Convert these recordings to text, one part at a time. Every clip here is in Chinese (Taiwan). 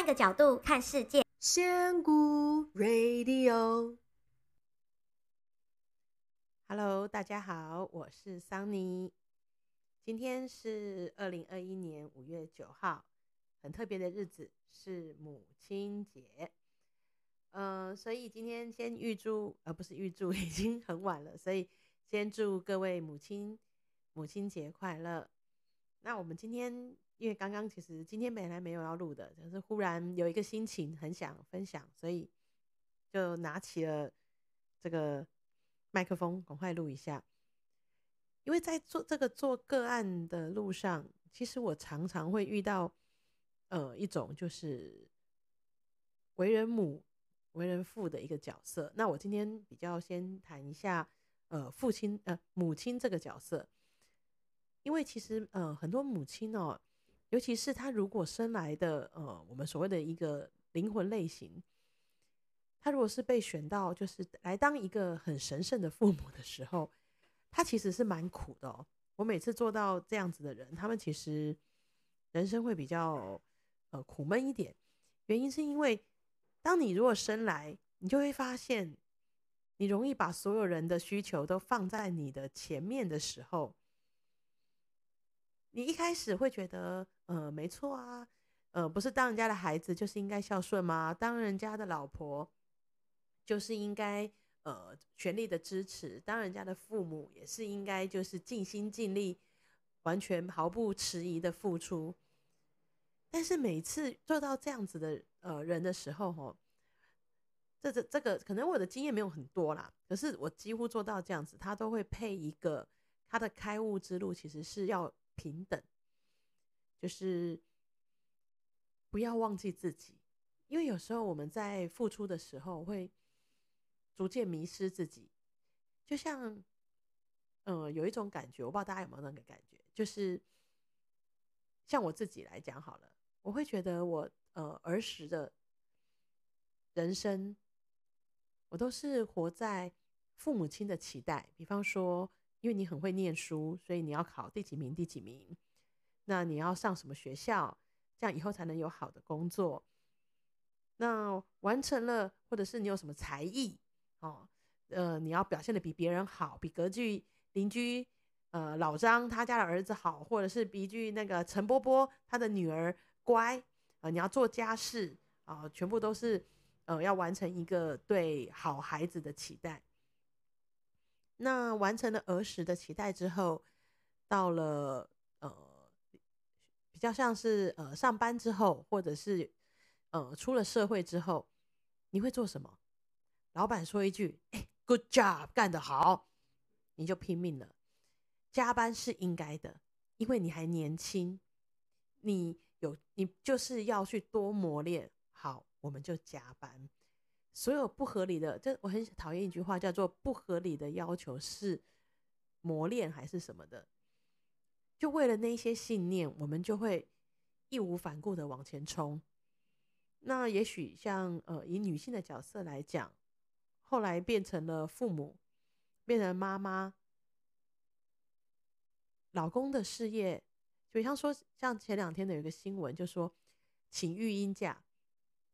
換個角度看世界。仙谷 Radio，Hello，大家好，我是 Sunny。今天是二零二一年五月九號，很特別的日子，是母親節。嗯、呃，所以今天先預祝，呃，不是預祝，已經很晚了，所以先祝各位母親，母親節快樂。那我們今天。因為剛剛其實今天本來沒有要錄的，只是忽然有一個心情很想分享，所以就拿起了這個麥克風，趕快錄一下。因為在做這個做個案的路上，其實我常常會遇到呃一種就是為人母、為人父的一個角色。那我今天比較先談一下呃父親、呃母親這個角色，因為其實呃很多母親哦。尤其是他如果生來的呃，我們所謂的一個靈魂類型，他如果是被選到就是來當一個很神聖的父母的時候，他其實是蠻苦的哦。我每次做到這樣子的人，他們其實人生會比較呃苦悶一點。原因是因為，當你如果生來，你就會發現，你容易把所有人的需求都放在你的前面的時候。你一開始會覺得，呃，沒錯啊，呃，不是當人家的孩子就是應該孝順嗎？當人家的老婆，就是應該，呃，全力的支持；當人家的父母，也是應該，就是盡心盡力，完全毫不遲疑的付出。但是每次做到這樣子的，呃，人的時候，吼，這這這個，可能我的經驗沒有很多啦，可是我幾乎做到這樣子，他都會配一個，他的開悟之路，其實是要。平等，就是不要忘記自己，因為有時候我們在付出的時候會逐漸迷失自己，就像，呃，有一種感覺，我不知道大家有沒有那個感覺，就是像我自己來講好了，我會覺得我呃兒時的人生，我都是活在父母親的期待，比方說，因為你很會念書，所以你要考第幾名？第幾名？那你要上什麼學校？這樣以後才能有好的工作。那完成了，或者是你有什麼才藝？哦，呃，你要表現的比別人好，比隔壁鄰居，居呃老張他家的兒子好，或者是比鄰居那個陳伯伯他的女兒乖啊、呃？你要做家事啊、呃？全部都是呃，要完成一個對好孩子的期待。那完成了兒時的期待之後，到了呃，比較像是呃上班之後，或者是呃出了社會之後，你會做什麼？老板說一句“哎，good job，幹得好”，你就拼命了，加班是應該的，因為你還年輕，你有你就是要去多磨練。好，我們就加班。所有不合理的，這我很討厭一句話，叫做“不合理的要求是磨練還是什麼的”，就為了那些信念，我們就會義無反顧的往前衝。那也許像呃，以女性的角色來講，後來變成了父母，變成了媽媽、老公的事業，就像說，像前兩天的有一個新聞，就說請育嬰假。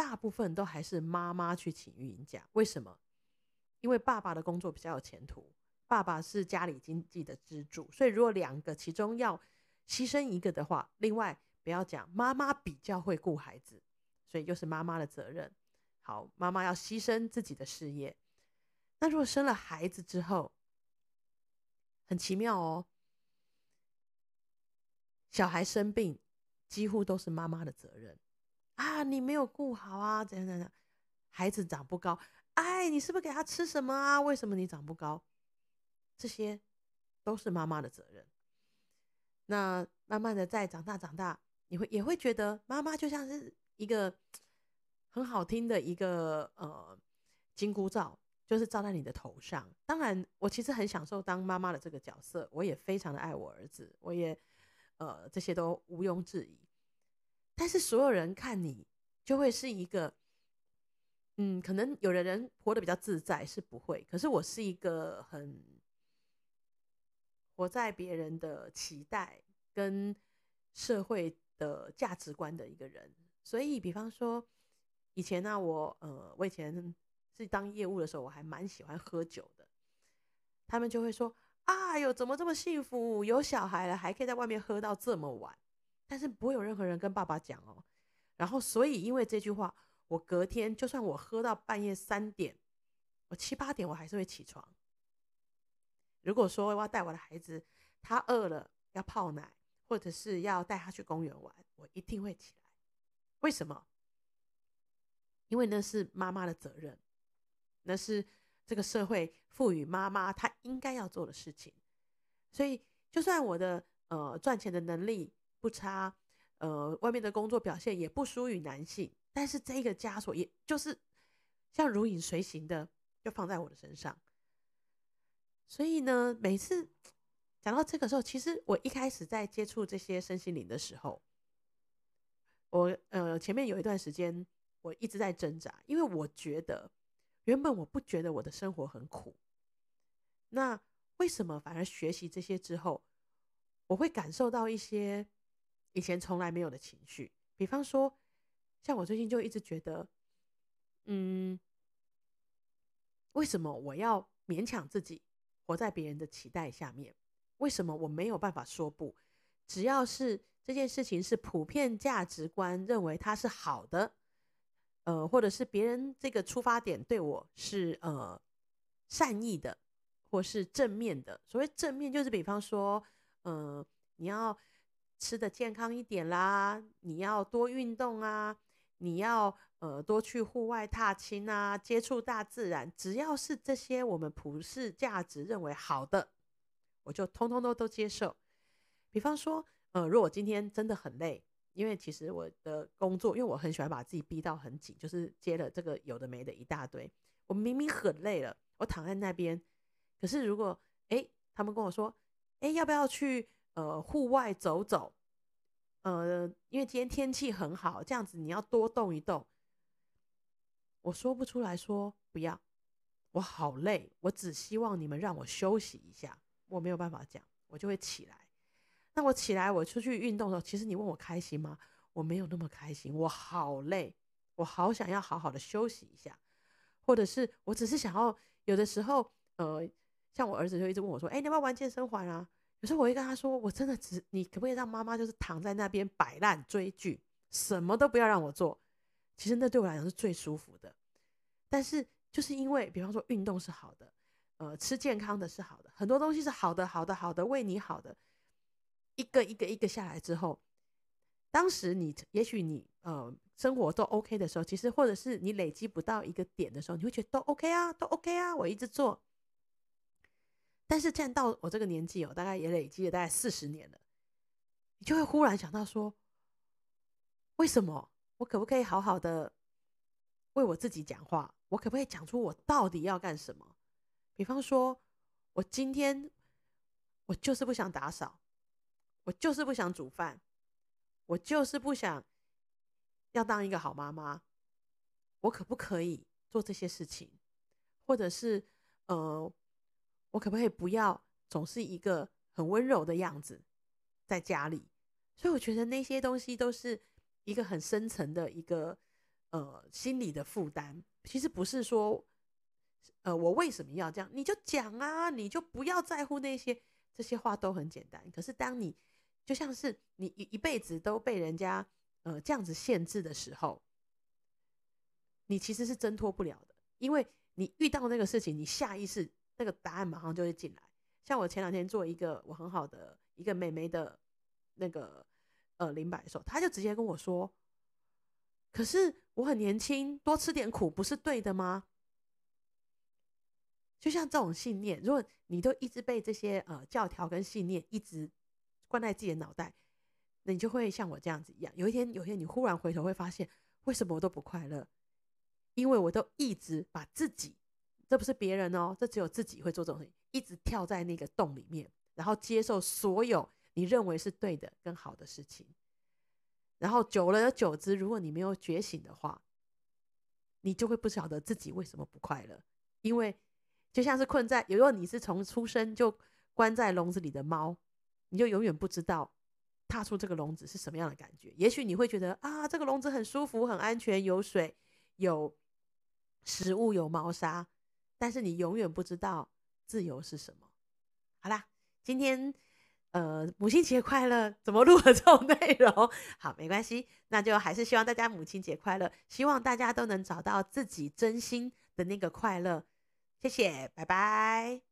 大部分都還是媽媽去請育嬰假，為什麼？因為爸爸的工作比較有前途，爸爸是家裡經濟的支柱，所以如果兩個其中要犧牲一個的話，另外不要講媽媽比較會顧孩子，所以就是媽媽的責任。好，媽媽要犧牲自己的事業。那如果生了孩子之後，很奇妙哦，小孩生病幾乎都是媽媽的責任。啊，你沒有顧好啊，怎樣怎樣，孩子長不高，哎，你是不是給他吃什麼啊？為什麼你長不高？這些都是媽媽的責任。那慢慢的再長大長大，你會也會覺得媽媽就像是一個很好聽的一個呃金箍罩，就是罩在你的頭上。當然，我其實很享受當媽媽的這個角色，我也非常的愛我兒子，我也呃這些都毋庸置疑。但是所有人看你就會是一個，嗯，可能有的人活得比較自在，是不會。可是我是一個很活在別人的期待跟社會的價值觀的一個人。所以，比方說以前呢、啊，我呃，我以前是當業務的時候，我還蠻喜歡喝酒的。他們就會說：“啊、哎、喲，怎麼這麼幸福？有小孩了，還可以在外面喝到這麼晚。”但是不會有任何人跟爸爸講哦，然後所以因為這句話，我隔天就算我喝到半夜三點，我七八點我還是會起床。如果說我要帶我的孩子，他餓了要泡奶，或者是要帶他去公園玩，我一定會起來。為什麼？因為那是媽媽的責任，那是這個社會賦予媽媽她應該要做的事情。所以就算我的呃賺錢的能力，不差，呃，外面的工作表現也不輸於男性，但是這個枷鎖也就是像如影隨形的，就放在我的身上。所以呢，每次講到這個時候，其實我一開始在接觸這些身心靈的時候，我呃前面有一段時間我一直在掙扎，因為我覺得原本我不覺得我的生活很苦，那為什麼反而學習這些之後，我會感受到一些。以前從來沒有的情緒，比方說，像我最近就一直覺得，嗯，為什麼我要勉強自己活在別人的期待下面？為什麼我沒有辦法說不？只要是這件事情是普遍價值觀認為它是好的，呃，或者是別人這個出發點對我是呃善意的，或是正面的。所謂正面，就是比方說，嗯、呃，你要。吃得健康一點啦，你要多運動啊，你要呃多去戶外踏青啊，接觸大自然。只要是這些我們普世價值認為好的，我就通通都都接受。比方說，呃，如果今天真的很累，因為其實我的工作，因為我很喜歡把自己逼到很緊，就是接了這個有的沒的一大堆。我明明很累了，我躺在那邊，可是如果，誒，他們跟我說，誒，要不要去？呃，戶外走走，呃，因為今天天氣很好，這樣子你要多動一動。我說不出來說不要，我好累，我只希望你們讓我休息一下，我沒有辦法講，我就會起來。那我起來，我出去運動的時候，其實你問我開心嗎？我沒有那麼開心，我好累，我好想要好好的休息一下，或者是我只是想要有的時候，呃，像我兒子就一直問我說：“哎、欸，你要不要玩健身環啊？”有時候我會跟他說：“我真的只，你可不可以讓媽媽就是躺在那邊擺爛追劇，什麼都不要讓我做？其實那對我來講是最舒服的。但是就是因為，比方說運動是好的，呃，吃健康的是好的，很多東西是好的，好的，好的，為你好的，一個一個一個下來之後，當時你，也許你呃生活都 OK 的時候，其實或者是你累積不到一個點的時候，你會覺得都 OK 啊，都 OK 啊，我一直做。”但是，站到我這個年紀，我大概也累積了大概四十年了，你就會忽然想到說：為什麼我可不可以好好的為我自己講話？我可不可以講出我到底要幹什麼？比方說，我今天我就是不想打掃，我就是不想煮飯，我就是不想要當一個好媽媽，我可不可以做這些事情？或者是，呃，我可不可以不要總是一個很溫柔的樣子在家裡？所以我覺得那些東西都是一個很深層的一個呃心理的負擔。其實不是說呃我為什麼要這樣，你就講啊，你就不要在乎那些，這些話都很簡單。可是當你，就像是你一一輩子都被人家呃這樣子限制的時候，你其實是掙脫不了的，因為你遇到那個事情，你下意識。那個答案馬上就會進來。像我前兩天做一個我很好的一個美眉的那個呃靈擺的時候，他就直接跟我說：“可是我很年輕，多吃點苦不是對的嗎？”就像這種信念，如果你都一直被這些呃教條跟信念一直關在自己的腦袋，那你就會像我這樣子一樣。有一天，有一天你忽然回頭會發現，為什麼我都不快樂？因為我都一直把自己。這不是別人哦，這只有自己會做這種事情。一直跳在那個洞裡面，然後接受所有你認為是對的、跟好的事情。然後久而久之，如果你沒有覺醒的話，你就會不曉得自己為什麼不快樂。因為就像是困在，如果你是從出生就關在籠子裡的貓，你就永遠不知道踏出這個籠子是什麼樣的感覺。也許你會覺得啊，這個籠子很舒服、很安全，有水、有食物、有貓砂。但是你永遠不知道自由是什麼。好啦，今天，呃，母親節快樂！怎麼錄了這種內容？好，沒關係，那就還是希望大家母親節快樂，希望大家都能找到自己真心的那個快樂。謝謝，拜拜。